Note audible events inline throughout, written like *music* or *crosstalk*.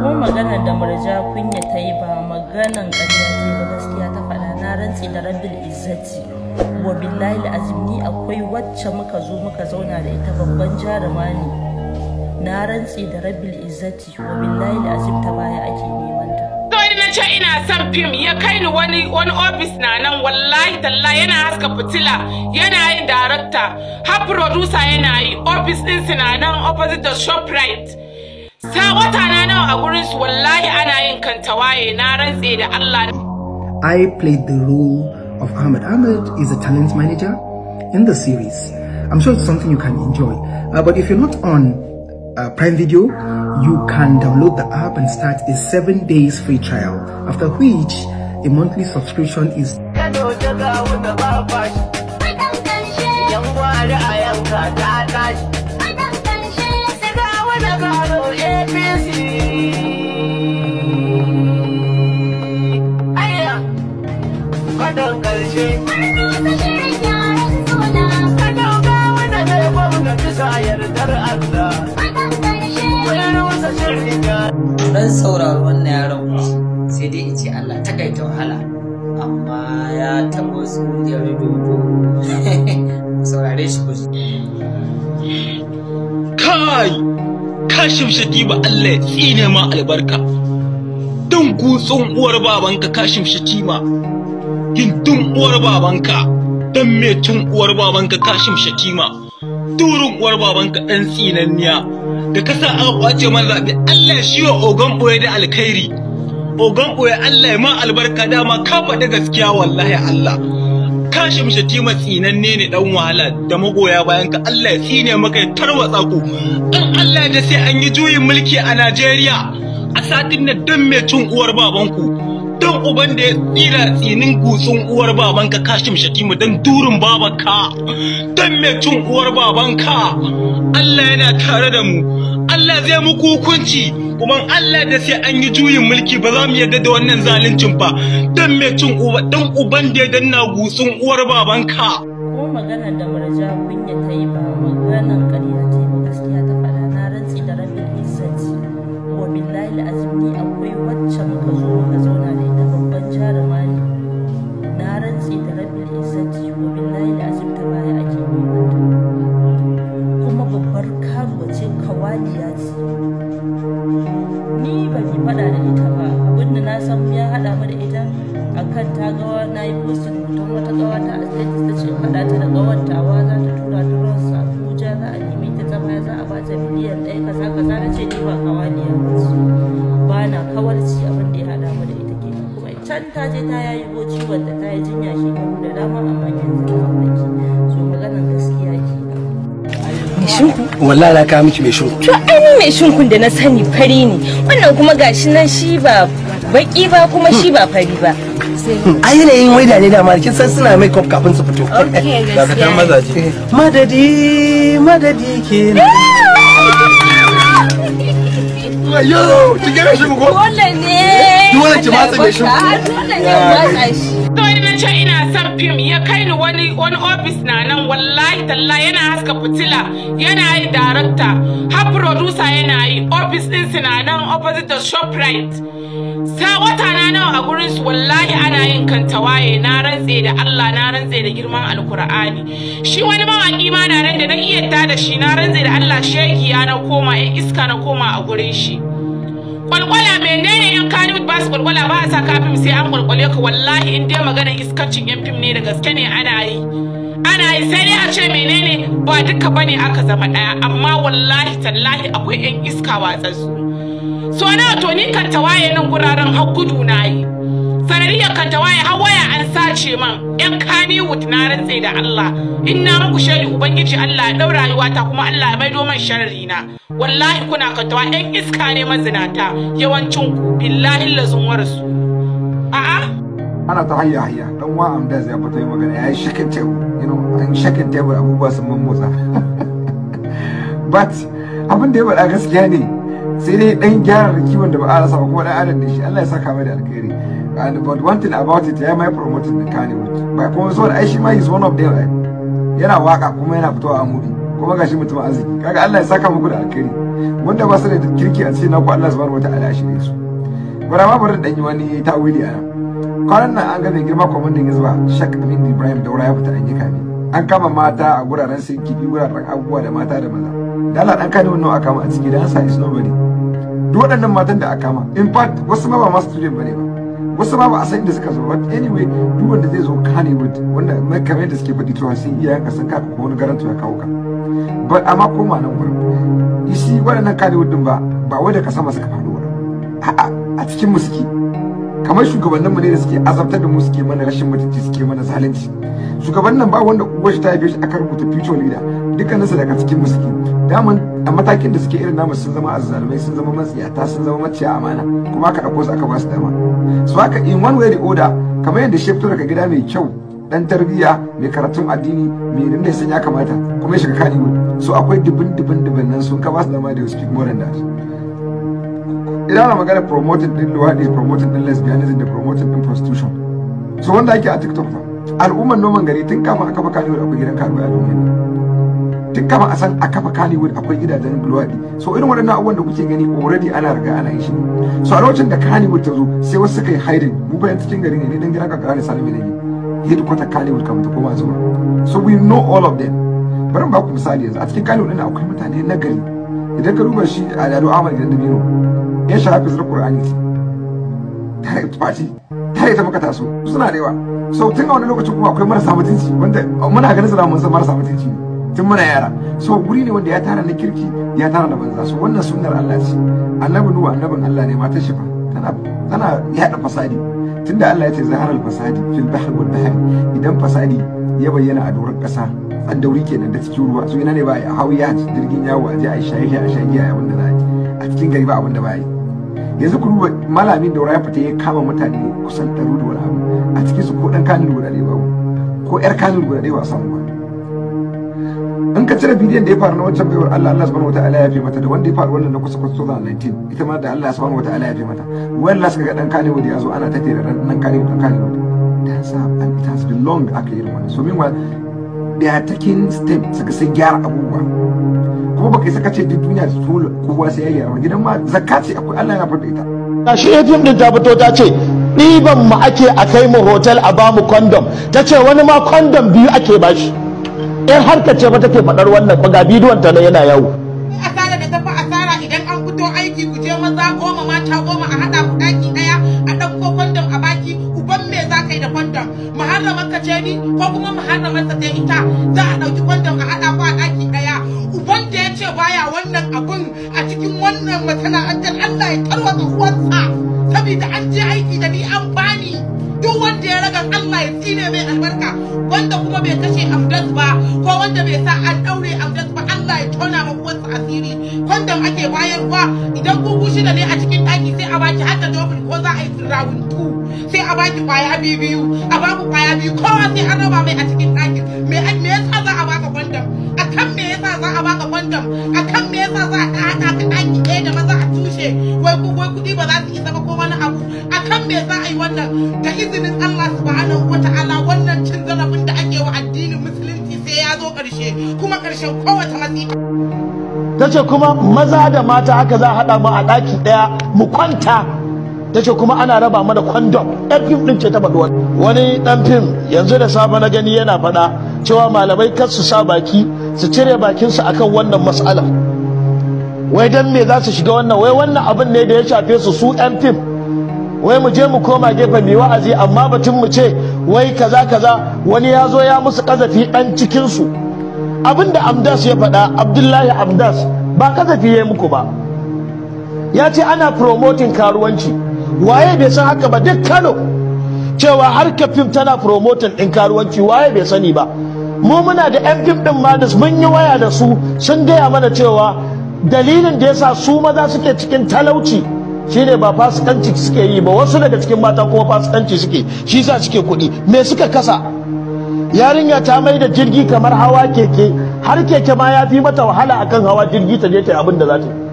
ko maganar da murja kunya ta yi ba maganan ƙarya ce ba gaskiya ta faɗa na rantse da rabbil izzati wa billahi azmi ni akwai wacce muka zo muka zauna da ita babban jaruma ne na rantse da rabbil izzati wa billahi azim ta baya ake neman ta na ce ina son fim ya kai ni wani wani ofis na nan wallahi talla yana haska fitila yana yin darakta har producer yana yi ofis ɗin na nan opposite da shoprite I played the role of Ahmed. Ahmed is a talent manager in the series. I'm sure it's something you can enjoy. Uh, but if you're not on uh, Prime Video, you can download the app and start a seven days free trial. After which, a monthly subscription is. Ran sauraro wannan yaron sai dai in ce Allah ta kai ta wahala amma ya taɓa su ya dodo saurare shi ku kai ka shimshiki diba Allah ya tsine ma albarka don kutsun uwar babanka ka shimshiki ma gindin uwar babanka dan me cin uwar babanka kashim shatima durin uwar babanka dan tsinanniya da ka sa aka kwace man zabi Allah shi wa ogan ɓoye da alkhairi ogan ɓoye Allah ya ma albarka dama ka da gaskiya wallahi Allah kashim shatima tsinanne ne dan wahala da magoya bayan ka Allah ya tsine maka ya tarwatsa ku dan Allah da sai an yi juyin mulki a Najeriya a satin da dan me cin uwar babanku dan uban da ya tsira tsinin gutsun uwar babanka kashim shatimu dan durin babanka dan mai cin uwar babanka Allah yana tare da mu Allah zai muku hukunci kuma Allah da sai an yi juyin mulki ba za mu yarda da wannan zaluncin ba dan mai cin uba dan uban da ya danna gutsun uwar babanka ko magana da murja kunya ta yi ba maganar ƙarya na ce ni ba ne ya mutu ba na kawarci abin da ya mu da ita ke kuma can ta je ta yayi ko ciwon da ta yi jinya shekaru da dama amma yanzu ta warke so maganar gaskiya ke shinku wallahi na kawo miki mai shinku to ainihin mai shinkun da na sani fari ne wannan kuma gashi nan shi ba baki ba kuma shi ba fari ba a yanayin waida ne da san suna mai kof kafin su fito daga eh, kan mazaje madadi madadi kenan *laughs* Yo, ki gane shi ko? ce ina son fim ya kai ni wani wani ofis na nan wallahi talla yana haska fitila yana yi darakta ha producer yana yi ofis din su na nan opposite da shoprite sai wata na nawa a gurin su wallahi ana yin kantawaye na rantse da Allah na rantse da girman alkur'ani shi wani mawaki ma na nan da na iya da shi na rantse da Allah ya na koma ya iska na koma a gurin shi kwalkwala menene yan kani ba su kwalkwala ba a sa kafin sai an kwalkwale ka wallahi in dai maganar iskancin yan fim ne da gaske ne ana yi ana yi sai dai a ce menene ba duka bane aka zama daya amma wallahi tallahi akwai yan iska watsatsu so na to ni kan tawaye nan guraren har gudu na yi sanadiyar ka ta waye har waya an sace man yan kaniwut na rantse da Allah in na muku shari ubangiji Allah ya daura rayuwata kuma Allah ya maido man sharri na wallahi kuna katawa yan iska ne mazinata yawancin ku billahi lazun warasu a ana ta hayya hayya dan wa amda zai fito magana yayi shakin table you know an shakin table abubuwa sun motsa *laughs* but abin da ya bada gaskiya ne sai dai dan gyara kiwon da ba a rasa ba kuma dan adam shi Allah ya saka mai da alkhairi and but one thing about it ya mai promoting the Kannywood ba kuma so da shi ma is one of them right yana waka kuma yana fitowa a muri kuma gashi mutum arziki kaga Allah ya saka muku da alkhairi wanda ba su da kirki a cikin naku Allah subhanahu wataala ya shirye su bara ma bari dan yi wani tawili a nan kwanan nan an ga mai girma kwamandan hizba Shak Amin Ibrahim Daura ya fita an yi kame an kama mata a guraren sai kibi guraren abubuwa da mata da maza da Allah dan kani wannan aka kama a ciki da sa is nobody duk waɗannan matan da aka kama in fact wasu ma ba masu tuje bane ba wasu ma ba a san inda suka zo but anyway duk wanda zai zo kane but wanda mai kamar yadda suke faɗi cewa sun iyayen ka sun ka ko wani garanto ya kawo ka but amma ko ma nan gurin shi waɗannan kane din ba ba wanda da ka sama suka faɗo ba a'a a cikin musiki kamar shugabannin mu ne da suke azabtar da mu suke mana rashin mutunci suke mana zalunci shugabannin ba wanda uwar shi ta haife shi aka rubuta future leader dukkaninsu daga cikin suke daman a matakin da suke irin namu sun zama azzalumai sun zama matsiyata sun zama maciya amana kuma aka ɗauko su aka ba su dama su haka in one way the order kamar yadda shi fito daga gida mai kyau dan tarbiyya mai karatun addini mai rinda sun ya kamata kuma ya shiga kaniwood so akwai dubin dubin dubin nan sun ka ba su dama da speak more than that idan ana magana promoted din luwaɗi promoted din lesbianism da promoted din prostitution so wanda ake a tiktok fa al'ummar noman gari tun kama a kafa kaniwood akwai gidan karuwa a duniya tun kama a san a kafa kaniwood akwai gidajen luwaɗi so irin waɗannan abubuwan da kuke gani already ana riga ana yi shi ne so a lokacin da kaniwood ta zo sai wasu suka yi hiding mu yan cikin gari ne dan gidan kakara ne salami ne headquarter kaniwood kama ta koma zuwa so we know all of them bari mu ba ku misali yanzu a cikin kaniwood ɗin akwai mutane na gari idan ka duba shi a lado amal gidan dabino yan shahafizar qur'ani tare da ta tare da maka taso suna da yawa so tun a wani lokacin kuma akwai marasa mutunci wanda muna ganin suna mun san marasa mutunci tun muna yara so guri ne wanda ya tara na kirki ya tara na banza so wannan sunnar Allah ce annabi nuwa annabin Allah ne matar shi fa tana tana yada fasadi tunda Allah ya ce zaharal fasadi fil bahr wal bahr idan fasadi ya bayyana a doron ƙasa an dauri kenan da cikin ruwa so ina ne ba a hawiya jirgin yawo a je a shayi-shayi, a shaye a abin da za a yi a cikin gari ba abin da ba yi yanzu ku duba malamin daura ya fita ya kama mutane kusan ɗaru da wani abu a cikin su ko ɗan kanin guda ɗaya babu ko ƴar kanin guda ɗaya ba samu ba in ka cire bidiyon da ya faru na wancan baiwar Allah Allah subhanahu wataala ya fi mata da wanda ya faru wannan na kusa kusa 2019 ita ma da Allah subhanahu wataala ya fi mata wani suka ga ɗan kane guda ya zo ana ta tere dan kane dan kane wanda sa an ita su da long aka yi wani so da ya ta taking steps suka sai gyara abubuwa baka isa kace duk duniya da tula kowa sai ya gyara gidan ma zakaci ce akwai Allah ya fada ita gashi ATM din ta fito ta ce ɗiban mu ake a kai mu hotel a bamu condom ta ce wani ma condom biyu ake bashi yan harka ce ba take faɗar wannan ba ga bidiyon ta ne yana yawo asara da tafi asara idan an fito aiki ku je maza goma mata goma a haɗa ku ɗaki ɗaya a ɗauko condom a baki uban me za ka yi da kondom muharraman ka ce ni ko kuma muharraman ta ita za a ɗauki kwaya biyu biyu a babu kwaya biyu kowa sai an raba mai a cikin ɗakin me me yasa za a baka kwandam kan me yasa za a baka kwandam kan me yasa za a haɗa ka ɗaki ɗaya da maza a tushe wai wai kuɗi ba za su isa ba ko wani abu kan me za a yi wannan da izinin Allah subhanahu wata'ala wannan cin zarafin da ake wa addinin musulunci sai ya zo ƙarshe kuma ƙarshen kowace masifa ta ce kuma maza da mata haka za a haɗa mu a ɗaki ɗaya mu kwanta ta ce kuma ana raba mana kwandom yan fim ɗin ce ta faɗi wani ɗan fim yanzu da safe na gani yana faɗa cewa malamai kar su sa baki su cire bakinsu akan wannan matsala wai dan me za su shiga wannan wai wannan abin ne da ya shafe su su yan fim wai mu je mu koma gefen mai wa'azi amma batun mu ce wai kaza kaza wani ya zo ya musu kazafi ɗan cikin su abinda Amdas ya faɗa Abdullahi Amdas ba kazafi ya yi muku ba ya ce ana promoting karuwanci waye bai san haka ba duk kano cewa harkar fim tana promoting din karuwanci waye bai sani ba mu muna da yan fim ɗin ma mun yi waya da su sun gaya mana cewa dalilin da yasa su maza suke cikin talauci shine ba fasikanci suke yi ba wasu daga cikin mata kuma fasikanci suke shi sa suke kuɗi me suka kasa yarinya ta mai da jirgi kamar hawa keke har keke ma ya fi mata wahala akan hawa jirgi ta je ta abin da za ta yi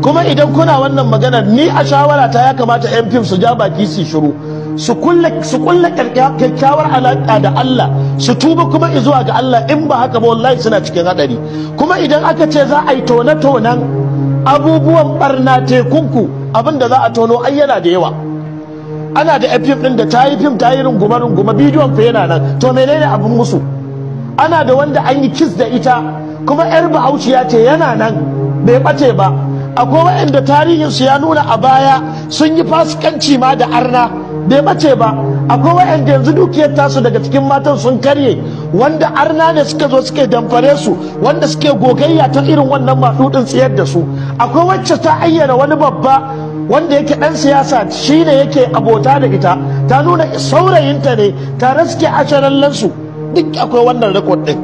kuma idan kuna wannan maganar ni a shawara ta ya kamata yan fim su ja baki su shiru su kulla kyakkyawar alaka da Allah su tuba kuma zuwa ga Allah in ba haka ba wallahi suna cikin hadari kuma idan aka ce za a yi tone tonen abubuwan barna tekunku abin da za a tono ai yana da yawa ana da fim din da ta yi fim ta yi runguma runguma bidiyon fa yana nan to menene abin musu ana da wanda an yi kiss da ita kuma yar bahaushiya ce yana nan bai bace ba akwai waɗanda tarihinsu ya nuna a baya sun yi fasikanci ma da arna bai mace ba akwai waɗanda yanzu dukiyar tasu daga cikin matan sun karye wanda arna ne suka zo suke damfare su wanda suke gogayya ta irin wannan maɗuɗin tsayar da su akwai wacce ta ayyana wani babba wanda yake ɗan siyasa shine yake abota da ita ta nuna saurayinta ne tare suke asharallansu duk akwai wannan rikod ɗin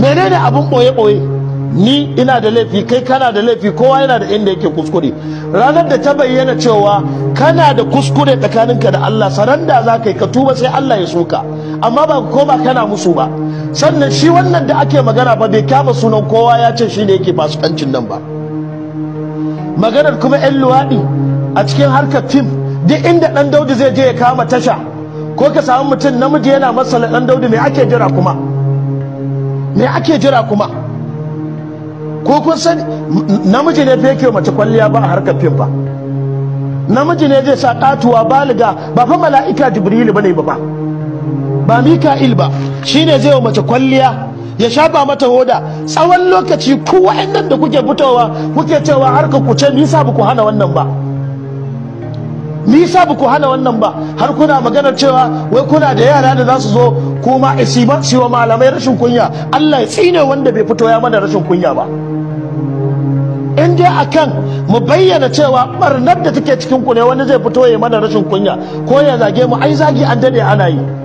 menene abin ɓoye-ɓoye ni ina da laifi kai kana da laifi kowa yana da inda yake kuskure ranar da ta bayyana cewa kana da kuskure tsakaninka da Allah saranda za ka yi ka tuba sai Allah ya soka amma ba koma kana musu ba sannan shi wannan da ake magana ba bai kama sunan kowa ya ce shine yake fasikancin nan ba maganar kuma yan luwaɗi a cikin harkar fim duk inda ɗan daudi zai je ya kama tasha ko ka samu mutum namiji yana masa ɗan daudi me ake jira kuma me ake jira kuma ko kun sani namiji ne fa mace kwalliya ba a harkar fim ba namiji ne zai sa katuwa baliga ba fa mala'ika jibrilu bane ba ba mika'il ba shine zai wa mace kwalliya ya shafa mata hoda tsawon lokaci ku wa'annan da kuke fitowa kuke cewa harka ku ce nisa ba ku hana wannan ba nisa ba ku hana wannan ba har kuna maganar cewa wai kuna da yara da za su zo kuma isiba siwa malamai rashin kunya Allah ya tsine wanda bai fito ya mana rashin kunya ba in dai akan mu bayyana cewa barnar da take cikin ku ne wani zai fito ya mana rashin kunya ko ya zage mu ai zagi an dade ana yi